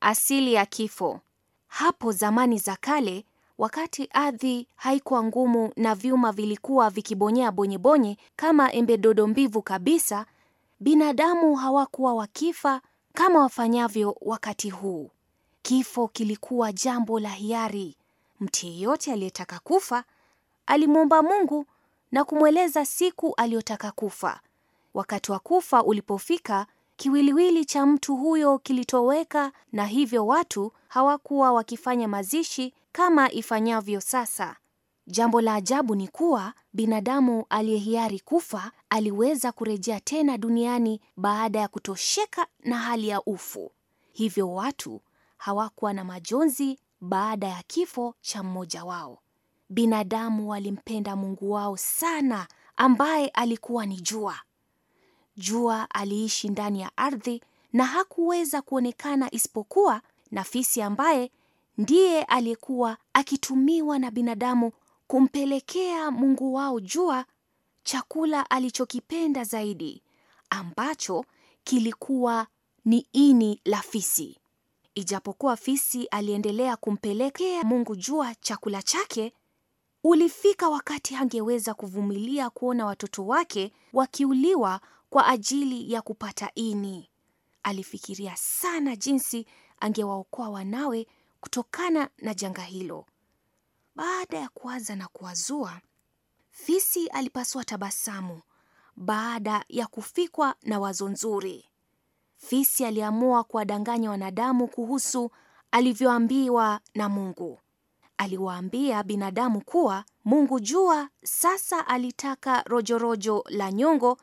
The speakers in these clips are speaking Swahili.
Asili ya kifo. Hapo zamani za kale, wakati ardhi haikuwa ngumu na vyuma vilikuwa vikibonyea bonyebonye kama embe dodo mbivu kabisa, binadamu hawakuwa wakifa kama wafanyavyo wakati huu. Kifo kilikuwa jambo la hiari. Mtu yeyote aliyetaka kufa alimwomba Mungu na kumweleza siku aliyotaka kufa. Wakati wa kufa ulipofika, Kiwiliwili cha mtu huyo kilitoweka na hivyo watu hawakuwa wakifanya mazishi kama ifanyavyo sasa. Jambo la ajabu ni kuwa binadamu aliyehiari kufa aliweza kurejea tena duniani baada ya kutosheka na hali ya ufu. Hivyo watu hawakuwa na majonzi baada ya kifo cha mmoja wao. Binadamu walimpenda Mungu wao sana ambaye alikuwa ni jua. Jua aliishi ndani ya ardhi na hakuweza kuonekana isipokuwa na fisi ambaye ndiye aliyekuwa akitumiwa na binadamu kumpelekea mungu wao jua chakula alichokipenda zaidi ambacho kilikuwa ni ini la fisi. Ijapokuwa fisi aliendelea kumpelekea mungu jua chakula chake, ulifika wakati angeweza kuvumilia kuona watoto wake wakiuliwa kwa ajili ya kupata ini. Alifikiria sana jinsi angewaokoa wanawe kutokana na janga hilo. Baada ya kuwaza na kuwazua, fisi alipasua tabasamu baada ya kufikwa na wazo nzuri. Fisi aliamua kuwadanganya wanadamu kuhusu alivyoambiwa na Mungu. Aliwaambia binadamu kuwa Mungu Jua sasa alitaka rojorojo rojo la nyongo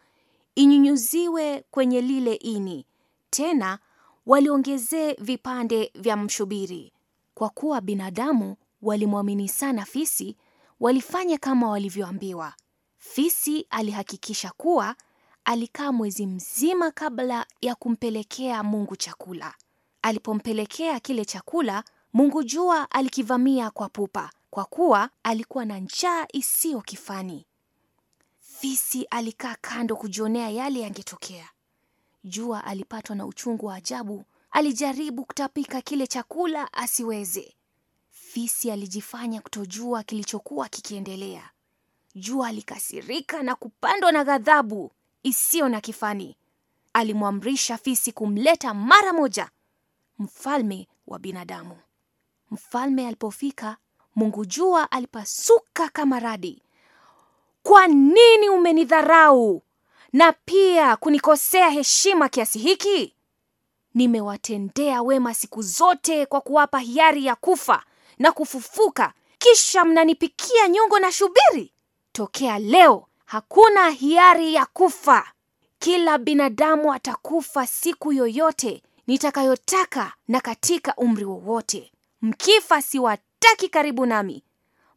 inyunyuziwe kwenye lile ini, tena waliongezee vipande vya mshubiri. Kwa kuwa binadamu walimwamini sana fisi, walifanya kama walivyoambiwa. Fisi alihakikisha kuwa alikaa mwezi mzima kabla ya kumpelekea Mungu chakula. Alipompelekea kile chakula, Mungu Jua alikivamia kwa pupa, kwa kuwa alikuwa na njaa isiyo kifani. Fisi alikaa kando kujionea yale yangetokea. Jua alipatwa na uchungu wa ajabu, alijaribu kutapika kile chakula asiweze. Fisi alijifanya kutojua kilichokuwa kikiendelea. Jua alikasirika na kupandwa na ghadhabu isiyo na kifani. Alimwamrisha fisi kumleta mara moja mfalme wa binadamu. Mfalme alipofika, Mungu Jua alipasuka kama radi. Kwa nini umenidharau na pia kunikosea heshima kiasi hiki? Nimewatendea wema siku zote kwa kuwapa hiari ya kufa na kufufuka, kisha mnanipikia nyongo na shubiri. Tokea leo hakuna hiari ya kufa. Kila binadamu atakufa siku yoyote nitakayotaka na katika umri wowote. Mkifa siwataki karibu nami,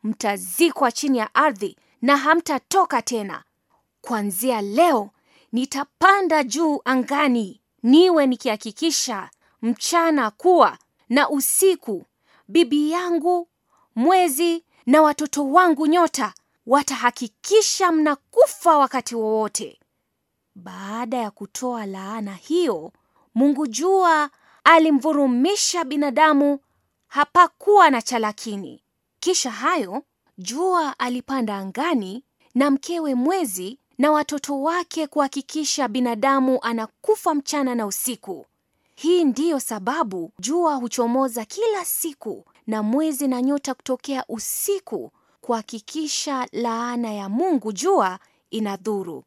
mtazikwa chini ya ardhi na hamtatoka tena. Kuanzia leo nitapanda juu angani, niwe nikihakikisha mchana kuwa na usiku, bibi yangu mwezi na watoto wangu nyota watahakikisha mnakufa wakati wowote. Baada ya kutoa laana hiyo, Mungu Jua alimvurumisha binadamu, hapakuwa na cha lakini. Kisha hayo Jua alipanda angani na mkewe mwezi na watoto wake kuhakikisha binadamu anakufa mchana na usiku. Hii ndiyo sababu jua huchomoza kila siku na mwezi na nyota kutokea usiku kuhakikisha laana ya Mungu jua inadhuru.